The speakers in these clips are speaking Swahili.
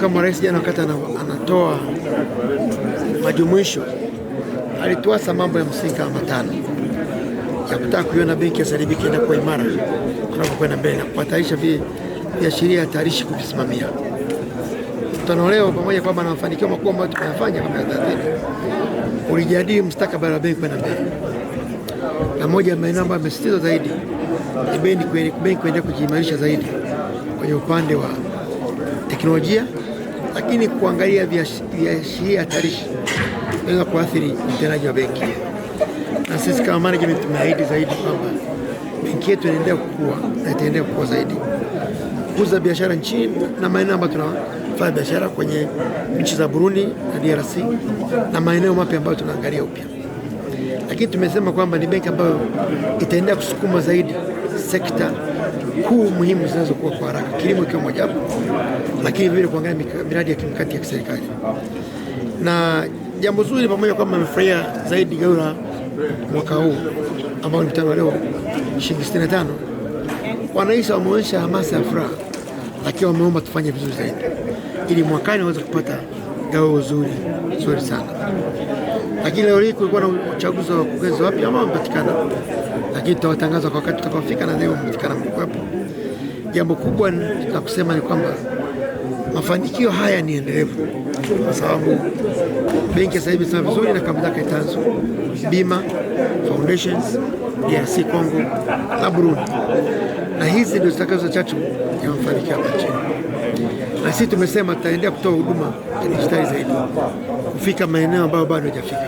kama Rais jana wakati anatoa majumuisho alituasa mambo ya msingi kama matano ya kutaka kuiona benki ya CRDB ikienda kuwa imara tunapokwenda mbele na kupatanisha viashiria hatarishi kuvisimamia. Mkutano leo, pamoja kwamba na mafanikio makubwa ambayo tumeyafanya kama tathmini, ulijadili mustakabali wa benki kwenda mbele, na moja ya maeneo ambayo yamesisitizwa zaidi ni benki kuendelea kujiimarisha zaidi kwenye upande wa teknolojia lakini kuangalia viashiria hatarishi inaweza kuathiri mtendaji wa benki. Na sisi kama management tumeahidi zaidi kwamba benki yetu inaendelea kukua na itaendelea kukua zaidi kuuza biashara nchini na maeneo ambayo tunafanya biashara kwenye nchi za Burundi na DRC na maeneo mapya ambayo tunaangalia upya, lakini tumesema kwamba ni benki ambayo itaendelea kusukuma zaidi sekta kuu muhimu zinazokuwa kwa haraka, kilimo ikiwa mojawapo, lakini vile kuangalia miradi ya kimkati ya kiserikali. Na jambo zuri pamoja kwamba amefurahia zaidi Gaura mwaka huu ambao ni mkutano wa leo na tano, wanaisa wameonyesha hamasa ya furaha, lakini wameomba tufanye vizuri zaidi ili mwakani waweze kupata gao zuri zuri sana. Lakini leo hii kulikuwa na uchaguzi wa wakurugenzi wapya ambao wamepatikana lakini tutatangaza kwa wakati tutakaofika na leo mmefika na mlikuwepo. Jambo kubwa la kusema ni kwamba mafanikio haya ni endelevu, kwa sababu benki sasa hivi sana vizuri na kambi zake tanzu bima foundations DRC Congo na Burundi, na hizi ndio zitakazo chachu ya mafanikio hapa chini, Na sisi tumesema tutaendelea kutoa huduma ya dijitali zaidi kufika maeneo ambayo bado hajafika.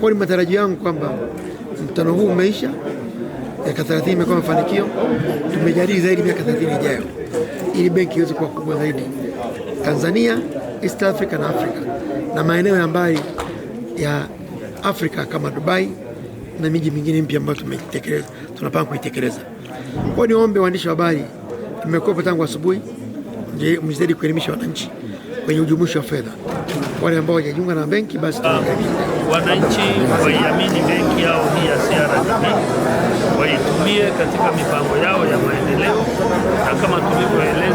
Kwa ni matarajio yangu kwamba mkutano huu umeisha Miaka 30 imekuwa mafanikio, tumejaribu zaidi miaka 30 ijayo, ili benki iweze kuwa kubwa zaidi Tanzania, East Africa na Afrika na maeneo ya mbali ya Afrika kama Dubai na miji mingine mpya ambayo tumetekeleza, tunapanga kuitekeleza. Kwa niombe waandishi wa habari, tumekuwepo tangu asubuhi, mjitahidi kuelimisha wananchi kwenye ujumuishi wa fedha wale ambao wajajiunga na benki basi um, wananchi waiamini benki yao hii ya CRDB waitumie katika mipango yao ya maendeleo na kama tulivyoeleza